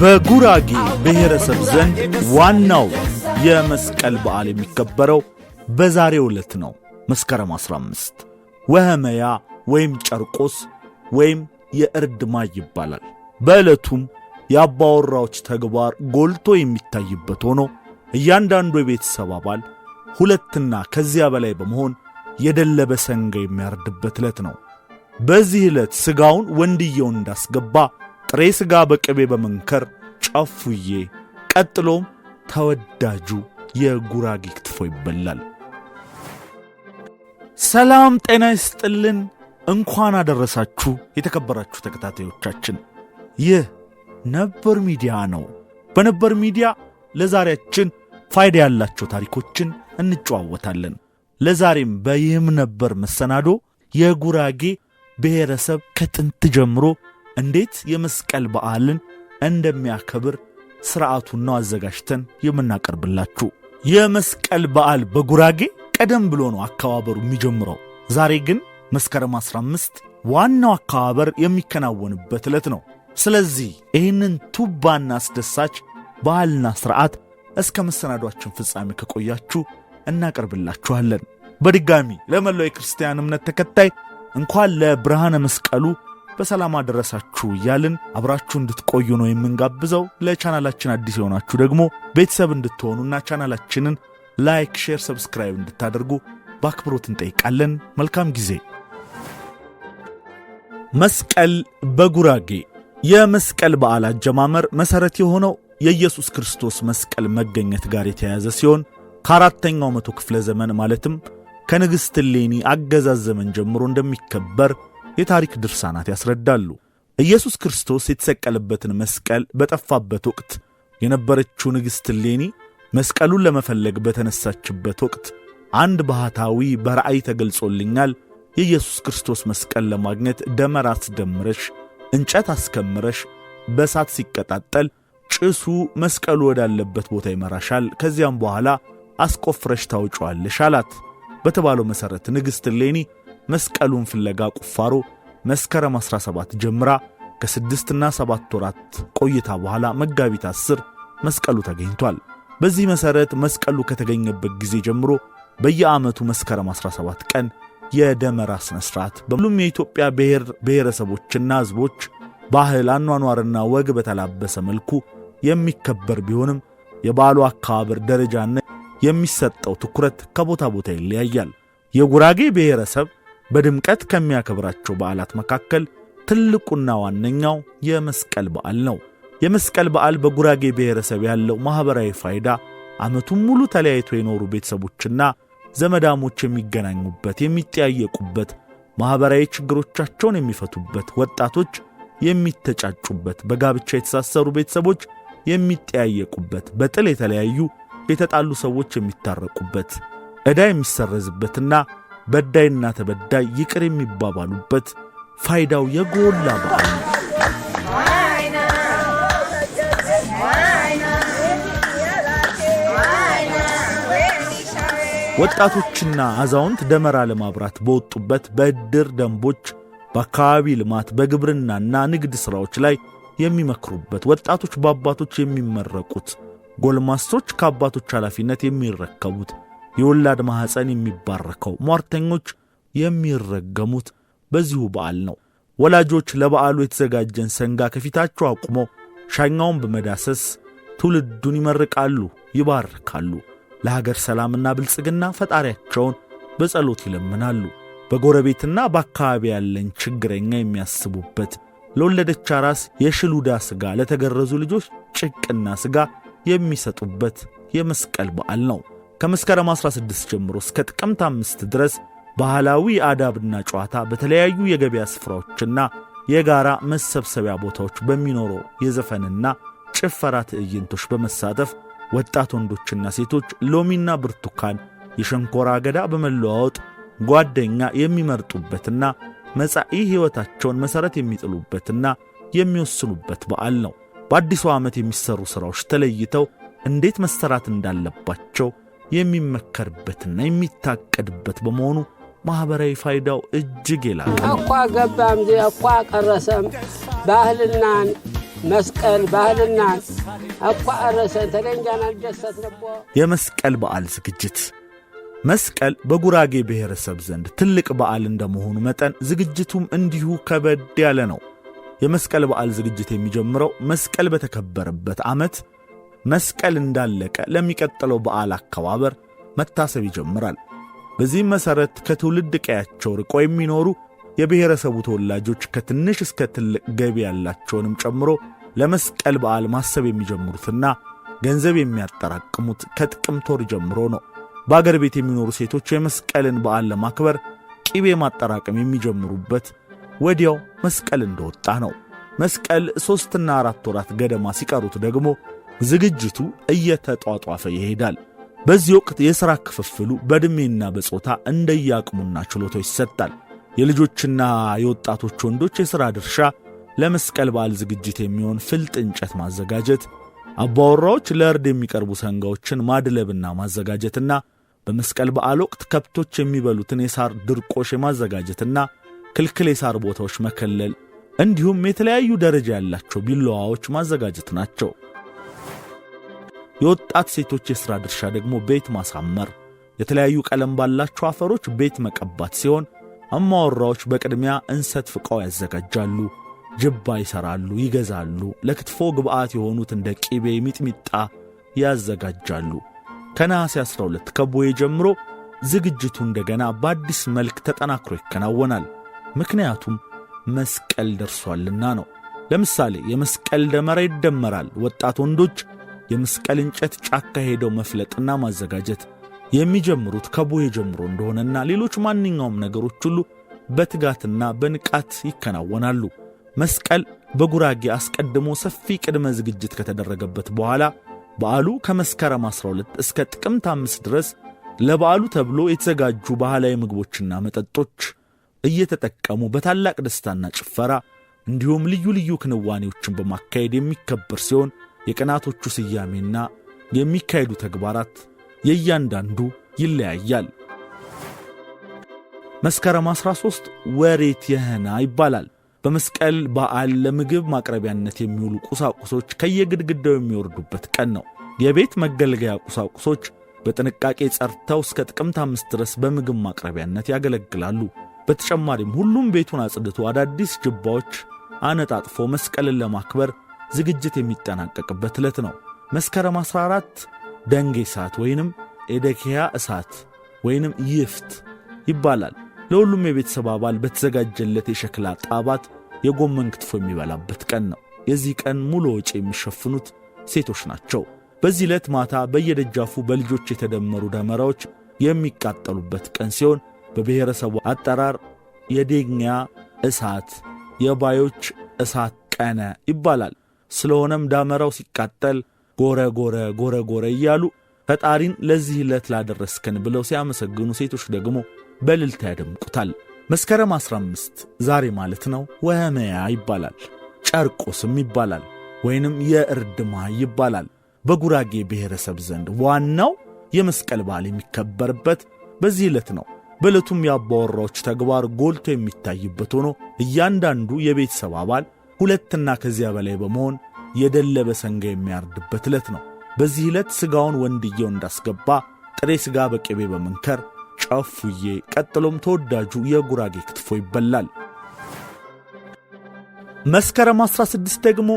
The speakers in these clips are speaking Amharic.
በጉራጌ ብሔረሰብ ዘንድ ዋናው የመስቀል በዓል የሚከበረው በዛሬ ዕለት ነው። መስከረም 15 ወህመያ ወይም ጨርቆስ ወይም የእርድ ማይ ይባላል። በዕለቱም የአባወራዎች ተግባር ጎልቶ የሚታይበት ሆኖ እያንዳንዱ የቤተሰብ አባል ሁለትና ከዚያ በላይ በመሆን የደለበ ሰንጋ የሚያርድበት ዕለት ነው። በዚህ ዕለት ሥጋውን ወንድየውን እንዳስገባ ጥሬ ሥጋ በቅቤ በመንከር ጨፉዬ፣ ቀጥሎም ተወዳጁ የጉራጌ ክትፎ ይበላል። ሰላም ጤና ይስጥልን። እንኳን አደረሳችሁ የተከበራችሁ ተከታታዮቻችን። ይህ ነበር ሚዲያ ነው። በነበር ሚዲያ ለዛሬያችን ፋይዳ ያላቸው ታሪኮችን እንጨዋወታለን። ለዛሬም በይህም ነበር መሰናዶ የጉራጌ ብሔረሰብ ከጥንት ጀምሮ እንዴት የመስቀል በዓልን እንደሚያከብር ሥርዓቱን ነው አዘጋጅተን የምናቀርብላችሁ። የመስቀል በዓል በጉራጌ ቀደም ብሎ ነው አከባበሩ የሚጀምረው። ዛሬ ግን መስከረም 15 ዋናው አከባበር የሚከናወንበት ዕለት ነው። ስለዚህ ይህንን ቱባና አስደሳች ባህልና ሥርዓት እስከ መሰናዷችን ፍጻሜ ከቆያችሁ እናቀርብላችኋለን። በድጋሚ ለመላው የክርስቲያን እምነት ተከታይ እንኳን ለብርሃነ መስቀሉ በሰላም አደረሳችሁ እያልን አብራችሁ እንድትቆዩ ነው የምንጋብዘው። ለቻናላችን አዲስ የሆናችሁ ደግሞ ቤተሰብ እንድትሆኑና ቻናላችንን ላይክ፣ ሼር፣ ሰብስክራይብ እንድታደርጉ በአክብሮት እንጠይቃለን። መልካም ጊዜ። መስቀል በጉራጌ የመስቀል በዓል አጀማመር መሠረት የሆነው የኢየሱስ ክርስቶስ መስቀል መገኘት ጋር የተያያዘ ሲሆን ከአራተኛው መቶ ክፍለ ዘመን ማለትም ከንግሥት ሌኒ አገዛዝ ዘመን ጀምሮ እንደሚከበር የታሪክ ድርሳናት ያስረዳሉ። ኢየሱስ ክርስቶስ የተሰቀለበትን መስቀል በጠፋበት ወቅት የነበረችው ንግሥት ሌኒ መስቀሉን ለመፈለግ በተነሳችበት ወቅት አንድ ባህታዊ በራእይ ተገልጾልኛል፣ የኢየሱስ ክርስቶስ መስቀል ለማግኘት ደመራ አስደምረሽ እንጨት አስከምረሽ በእሳት ሲቀጣጠል ጭሱ መስቀሉ ወዳለበት ቦታ ይመራሻል፣ ከዚያም በኋላ አስቆፍረሽ ታውጫዋለሽ አላት። በተባለው መሠረት ንግሥት ሌኒ መስቀሉን ፍለጋ ቁፋሮ መስከረም 17 ጀምራ ከስድስትና ሰባት ወራት ቆይታ በኋላ መጋቢት 10 መስቀሉ ተገኝቷል። በዚህ መሠረት መስቀሉ ከተገኘበት ጊዜ ጀምሮ በየዓመቱ መስከረም 17 ቀን የደመራ ሥነ ሥርዓት በሁሉም የኢትዮጵያ ብሔር ብሔረሰቦችና ሕዝቦች ባህል፣ አኗኗርና ወግ በተላበሰ መልኩ የሚከበር ቢሆንም የበዓሉ አከባበር ደረጃና የሚሰጠው ትኩረት ከቦታ ቦታ ይለያያል። የጉራጌ ብሔረሰብ በድምቀት ከሚያከብራቸው በዓላት መካከል ትልቁና ዋነኛው የመስቀል በዓል ነው። የመስቀል በዓል በጉራጌ ብሔረሰብ ያለው ማኅበራዊ ፋይዳ ዓመቱን ሙሉ ተለያይቶ የኖሩ ቤተሰቦችና ዘመዳሞች የሚገናኙበት፣ የሚጠያየቁበት፣ ማኅበራዊ ችግሮቻቸውን የሚፈቱበት፣ ወጣቶች የሚተጫጩበት፣ በጋብቻ የተሳሰሩ ቤተሰቦች የሚጠያየቁበት፣ በጥል የተለያዩ የተጣሉ ሰዎች የሚታረቁበት፣ ዕዳ የሚሰረዝበትና በዳይና ተበዳይ ይቅር የሚባባሉበት ፋይዳው የጎላ በዓል ነው። ወጣቶችና አዛውንት ደመራ ለማብራት በወጡበት በእድር ደንቦች፣ በአካባቢ ልማት፣ በግብርናና ንግድ ሥራዎች ላይ የሚመክሩበት፣ ወጣቶች በአባቶች የሚመረቁት፣ ጎልማሶች ከአባቶች ኃላፊነት የሚረከቡት፣ የወላድ ማኅፀን የሚባረከው፣ ሟርተኞች የሚረገሙት በዚሁ በዓል ነው። ወላጆች ለበዓሉ የተዘጋጀን ሰንጋ ከፊታቸው አቁመው ሻኛውን በመዳሰስ ትውልዱን ይመርቃሉ፣ ይባርካሉ። ለሀገር ሰላምና ብልጽግና ፈጣሪያቸውን በጸሎት ይለምናሉ። በጎረቤትና በአካባቢ ያለን ችግረኛ የሚያስቡበት ለወለደች አራስ የሽሉዳ ሥጋ ለተገረዙ ልጆች ጭቅና ሥጋ የሚሰጡበት የመስቀል በዓል ነው። ከመስከረም 16 ጀምሮ እስከ ጥቅምት አምስት ድረስ ባህላዊ አዳብና ጨዋታ በተለያዩ የገበያ ስፍራዎችና የጋራ መሰብሰቢያ ቦታዎች በሚኖረው የዘፈንና ጭፈራ ትዕይንቶች በመሳተፍ ወጣት ወንዶችና ሴቶች ሎሚና ብርቱካን፣ የሸንኮራ አገዳ በመለዋወጥ ጓደኛ የሚመርጡበትና መጻኢ ሕይወታቸውን መሠረት የሚጥሉበትና የሚወስኑበት በዓል ነው። በአዲሱ ዓመት የሚሠሩ ሥራዎች ተለይተው እንዴት መሠራት እንዳለባቸው የሚመከርበትና የሚታቀድበት በመሆኑ ማኅበራዊ ፋይዳው እጅግ የላቀ እኳ ገባም ዜ እኳ ቀረሰም ባህልናን መስቀል ባህልናን እኳ ቀረሰን ተደንጃን ደሰት ነቦ የመስቀል በዓል ዝግጅት መስቀል በጉራጌ ብሔረሰብ ዘንድ ትልቅ በዓል እንደመሆኑ መጠን ዝግጅቱም እንዲሁ ከበድ ያለ ነው። የመስቀል በዓል ዝግጅት የሚጀምረው መስቀል በተከበረበት ዓመት መስቀል እንዳለቀ ለሚቀጥለው በዓል አከባበር መታሰብ ይጀምራል። በዚህም መሠረት ከትውልድ ቀያቸው ርቆ የሚኖሩ የብሔረሰቡ ተወላጆች ከትንሽ እስከ ትልቅ ገቢ ያላቸውንም ጨምሮ ለመስቀል በዓል ማሰብ የሚጀምሩትና ገንዘብ የሚያጠራቅሙት ከጥቅምት ወር ጀምሮ ነው። በአገር ቤት የሚኖሩ ሴቶች የመስቀልን በዓል ለማክበር ቅቤ ማጠራቀም የሚጀምሩበት ወዲያው መስቀል እንደወጣ ነው። መስቀል ሦስትና አራት ወራት ገደማ ሲቀሩት ደግሞ ዝግጅቱ እየተጧጧፈ ይሄዳል። በዚህ ወቅት የሥራ ክፍፍሉ በዕድሜና በጾታ እንደየአቅሙና ችሎታው ይሰጣል። የልጆችና የወጣቶች ወንዶች የሥራ ድርሻ ለመስቀል በዓል ዝግጅት የሚሆን ፍልጥ እንጨት ማዘጋጀት አባወራዎች ለእርድ የሚቀርቡ ሰንጋዎችን ማድለብና ማዘጋጀትና በመስቀል በዓል ወቅት ከብቶች የሚበሉትን የሳር ድርቆሽ የማዘጋጀትና ክልክል የሳር ቦታዎች መከለል እንዲሁም የተለያዩ ደረጃ ያላቸው ቢላዋዎች ማዘጋጀት ናቸው። የወጣት ሴቶች የሥራ ድርሻ ደግሞ ቤት ማሳመር፣ የተለያዩ ቀለም ባላቸው አፈሮች ቤት መቀባት ሲሆን አማወራዎች በቅድሚያ እንሰት ፍቃው ያዘጋጃሉ። ጅባ ይሠራሉ፣ ይገዛሉ። ለክትፎ ግብአት የሆኑት እንደ ቂቤ፣ ሚጥሚጣ ያዘጋጃሉ። ከነሐሴ 12 ከቦዬ ጀምሮ ዝግጅቱ እንደገና በአዲስ መልክ ተጠናክሮ ይከናወናል። ምክንያቱም መስቀል ደርሷልና ነው። ለምሳሌ የመስቀል ደመራ ይደመራል። ወጣት ወንዶች የመስቀል እንጨት ጫካ ሄደው መፍለጥና ማዘጋጀት የሚጀምሩት ከቦዬ ጀምሮ እንደሆነና ሌሎች ማንኛውም ነገሮች ሁሉ በትጋትና በንቃት ይከናወናሉ። መስቀል በጉራጌ አስቀድሞ ሰፊ ቅድመ ዝግጅት ከተደረገበት በኋላ በዓሉ ከመስከረም 12 እስከ ጥቅምት 5 ድረስ ለበዓሉ ተብሎ የተዘጋጁ ባህላዊ ምግቦችና መጠጦች እየተጠቀሙ በታላቅ ደስታና ጭፈራ እንዲሁም ልዩ ልዩ ክንዋኔዎችን በማካሄድ የሚከበር ሲሆን የቀናቶቹ ስያሜና የሚካሄዱ ተግባራት የእያንዳንዱ ይለያያል። መስከረም 13 ወሬት የህና ይባላል። በመስቀል በዓል ለምግብ ማቅረቢያነት የሚውሉ ቁሳቁሶች ከየግድግዳው የሚወርዱበት ቀን ነው። የቤት መገልገያ ቁሳቁሶች በጥንቃቄ ጸርተው እስከ ጥቅምት አምስት ድረስ በምግብ ማቅረቢያነት ያገለግላሉ። በተጨማሪም ሁሉም ቤቱን አጽድቶ አዳዲስ ጅባዎች አነጣጥፎ መስቀልን ለማክበር ዝግጅት የሚጠናቀቅበት ዕለት ነው። መስከረም 14 ደንጌ እሳት ወይንም ኤደኪያ እሳት ወይንም ይፍት ይባላል። ለሁሉም የቤተሰብ አባል በተዘጋጀለት የሸክላ ጣባት የጎመን ክትፎ የሚበላበት ቀን ነው። የዚህ ቀን ሙሉ ወጪ የሚሸፍኑት ሴቶች ናቸው። በዚህ ዕለት ማታ በየደጃፉ በልጆች የተደመሩ ደመራዎች የሚቃጠሉበት ቀን ሲሆን በብሔረሰቡ አጠራር የዴኛ እሳት፣ የባዮች እሳት ቀነ ይባላል። ስለሆነም ዳመራው ሲቃጠል ጎረ ጎረ ጎረ ጎረ እያሉ ፈጣሪን ለዚህ ዕለት ላደረስከን ብለው ሲያመሰግኑ ሴቶች ደግሞ በልልታ ያደምቁታል። መስከረም 15 ዛሬ ማለት ነው ወህመያ ይባላል። ጨርቆስም ይባላል ወይንም የእርድ ይባላል። በጉራጌ ብሔረሰብ ዘንድ ዋናው የመስቀል በዓል የሚከበርበት በዚህ ዕለት ነው። በዕለቱም የአባወራዎች ተግባር ጎልቶ የሚታይበት ሆኖ እያንዳንዱ የቤተሰብ አባል ሁለትና ከዚያ በላይ በመሆን የደለበ ሰንጋ የሚያርድበት ዕለት ነው። በዚህ ዕለት ሥጋውን ወንድየው እንዳስገባ ጥሬ ሥጋ በቅቤ በመንከር ጨፉዬ፣ ቀጥሎም ተወዳጁ የጉራጌ ክትፎ ይበላል። መስከረም 16 ደግሞ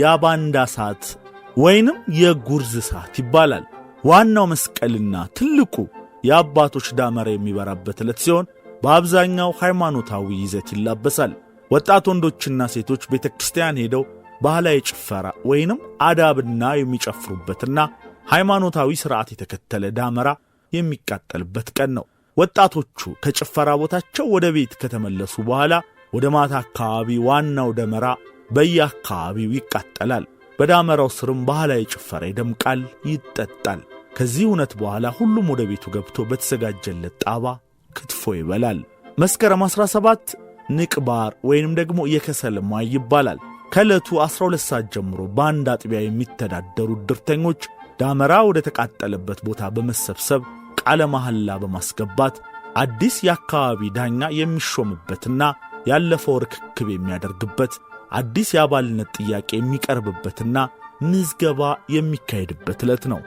የአባንዳ ሰዓት ወይንም የጉርዝ ሰዓት ይባላል። ዋናው መስቀልና ትልቁ የአባቶች ዳመራ የሚበራበት ዕለት ሲሆን በአብዛኛው ሃይማኖታዊ ይዘት ይላበሳል። ወጣት ወንዶችና ሴቶች ቤተ ክርስቲያን ሄደው ባህላዊ ጭፈራ ወይንም አዳብና የሚጨፍሩበትና ሃይማኖታዊ ሥርዓት የተከተለ ዳመራ የሚቃጠልበት ቀን ነው። ወጣቶቹ ከጭፈራ ቦታቸው ወደ ቤት ከተመለሱ በኋላ ወደ ማታ አካባቢ ዋናው ደመራ በየአካባቢው ይቃጠላል። በዳመራው ስርም ባህላዊ ጭፈራ ይደምቃል፣ ይጠጣል። ከዚህ እውነት በኋላ ሁሉም ወደ ቤቱ ገብቶ በተዘጋጀለት ጣባ ክትፎ ይበላል። መስከረም 17 ንቅባር ወይንም ደግሞ የከሰል ማይ ይባላል። ከዕለቱ 12 ሰዓት ጀምሮ በአንድ አጥቢያ የሚተዳደሩ ድርተኞች ዳመራ ወደ ተቃጠለበት ቦታ በመሰብሰብ ቃለ መሐላ በማስገባት አዲስ የአካባቢ ዳኛ የሚሾምበትና ያለፈው ርክክብ የሚያደርግበት አዲስ የአባልነት ጥያቄ የሚቀርብበትና ምዝገባ የሚካሄድበት ዕለት ነው።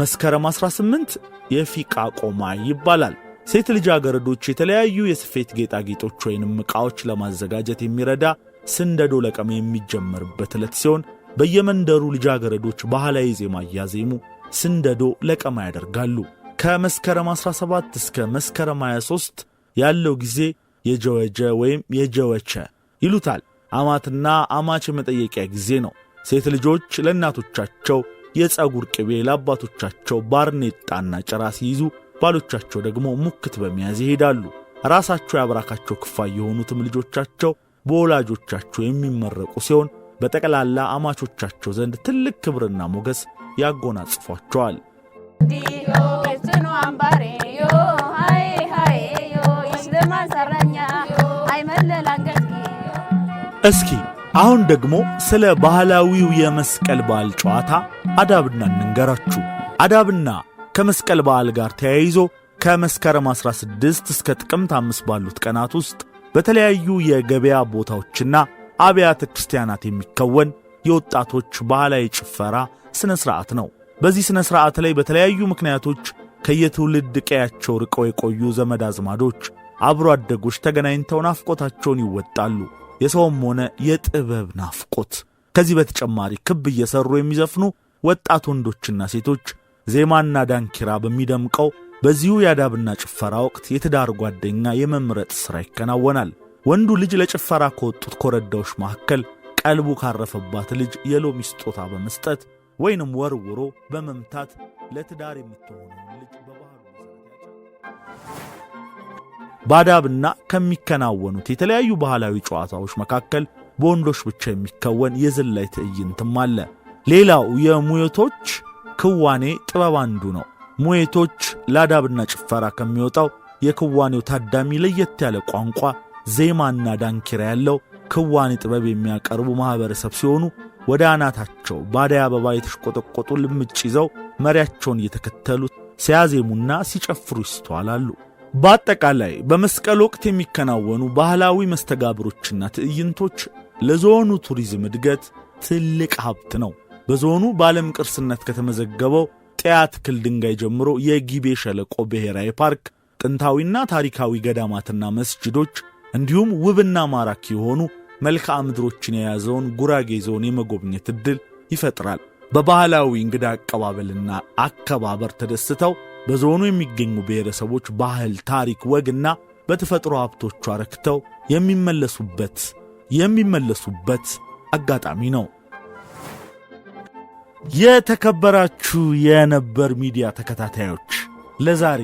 መስከረም 18 የፊቃ ቆማ ይባላል። ሴት ልጃገረዶች የተለያዩ የስፌት ጌጣጌጦች ወይንም ዕቃዎች ለማዘጋጀት የሚረዳ ስንደዶ ለቀም የሚጀመርበት ዕለት ሲሆን በየመንደሩ ልጃገረዶች ባህላዊ ዜማ እያዜሙ ስንደዶ ለቀማ ያደርጋሉ። ከመስከረም 17 እስከ መስከረም 23 ያለው ጊዜ የጀወጀ ወይም የጀወቸ ይሉታል። አማትና አማች የመጠየቂያ ጊዜ ነው። ሴት ልጆች ለእናቶቻቸው የፀጉር ቅቤ፣ ለአባቶቻቸው ባርኔጣና ጭራ ሲይዙ፣ ባሎቻቸው ደግሞ ሙክት በመያዝ ይሄዳሉ። ራሳቸው የአብራካቸው ክፋይ የሆኑትም ልጆቻቸው በወላጆቻቸው የሚመረቁ ሲሆን በጠቅላላ አማቾቻቸው ዘንድ ትልቅ ክብርና ሞገስ ያጎናጽፏቸዋል። እስኪ አሁን ደግሞ ስለ ባህላዊው የመስቀል በዓል ጨዋታ አዳብና እንንገራችሁ። አዳብና ከመስቀል በዓል ጋር ተያይዞ ከመስከረም 16 እስከ ጥቅምት 5 ባሉት ቀናት ውስጥ በተለያዩ የገበያ ቦታዎችና አብያተ ክርስቲያናት የሚከወን የወጣቶች ባህላዊ ጭፈራ ስነ ሥርዓት ነው። በዚህ ስነ ስርዓት ላይ በተለያዩ ምክንያቶች ከየትውልድ ቀያቸው ርቀው የቆዩ ዘመድ አዝማዶች፣ አብሮ አደጎች ተገናኝተው ናፍቆታቸውን ይወጣሉ። የሰውም ሆነ የጥበብ ናፍቆት። ከዚህ በተጨማሪ ክብ እየሠሩ የሚዘፍኑ ወጣት ወንዶችና ሴቶች ዜማና ዳንኪራ በሚደምቀው በዚሁ የአዳብና ጭፈራ ወቅት የትዳር ጓደኛ የመምረጥ ሥራ ይከናወናል። ወንዱ ልጅ ለጭፈራ ከወጡት ኮረዳዎች መካከል ቀልቡ ካረፈባት ልጅ የሎሚ ስጦታ በመስጠት ወይንም ወርውሮ በመምታት ለትዳር የምትሆነውን ልጅ በባህሉ ባዳብና ከሚከናወኑት የተለያዩ ባህላዊ ጨዋታዎች መካከል በወንዶች ብቻ የሚከወን የዝላይ ትዕይንትም አለ። ሌላው የሙየቶች ክዋኔ ጥበብ አንዱ ነው። ሙየቶች ለአዳብና ጭፈራ ከሚወጣው የክዋኔው ታዳሚ ለየት ያለ ቋንቋ፣ ዜማና ዳንኪራ ያለው ክዋኔ ጥበብ የሚያቀርቡ ማኅበረሰብ ሲሆኑ ወደ አናታቸው ባደይ አበባ የተሽቆጠቆጡ ልምጭ ይዘው መሪያቸውን እየተከተሉ ሲያዜሙና ሲጨፍሩ ይስተዋላሉ። በአጠቃላይ በመስቀል ወቅት የሚከናወኑ ባህላዊ መስተጋብሮችና ትዕይንቶች ለዞኑ ቱሪዝም እድገት ትልቅ ሀብት ነው። በዞኑ በዓለም ቅርስነት ከተመዘገበው ጤያ ትክል ድንጋይ ጀምሮ የጊቤ ሸለቆ ብሔራዊ ፓርክ፣ ጥንታዊና ታሪካዊ ገዳማትና መስጅዶች እንዲሁም ውብና ማራኪ የሆኑ መልክዓ ምድሮችን የያዘውን ጉራጌ ዞን የመጎብኘት ዕድል ይፈጥራል። በባህላዊ እንግዳ አቀባበልና አከባበር ተደስተው በዞኑ የሚገኙ ብሔረሰቦች ባህል፣ ታሪክ፣ ወግና በተፈጥሮ ሀብቶቿ አረክተው የሚመለሱበት የሚመለሱበት አጋጣሚ ነው። የተከበራችሁ የነበር ሚዲያ ተከታታዮች ለዛሬ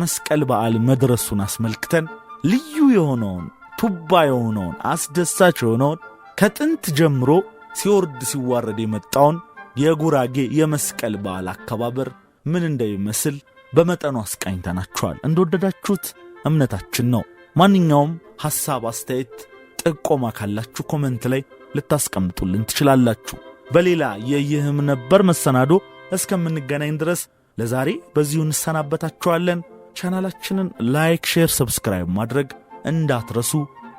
መስቀል በዓል መድረሱን አስመልክተን ልዩ የሆነውን ቱባ የሆነውን አስደሳች የሆነውን ከጥንት ጀምሮ ሲወርድ ሲዋረድ የመጣውን የጉራጌ የመስቀል በዓል አከባበር ምን እንደሚመስል በመጠኑ አስቃኝተናችኋል። እንደወደዳችሁት እምነታችን ነው። ማንኛውም ሐሳብ፣ አስተያየት፣ ጥቆማ ካላችሁ ኮመንት ላይ ልታስቀምጡልን ትችላላችሁ። በሌላ የይህም ነበር መሰናዶ እስከምንገናኝ ድረስ ለዛሬ በዚሁ እንሰናበታችኋለን። ቻናላችንን ላይክ፣ ሼር፣ ሰብስክራይብ ማድረግ እንዳትረሱ።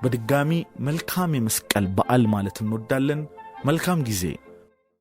በድጋሚ መልካም የመስቀል በዓል ማለት እንወዳለን። መልካም ጊዜ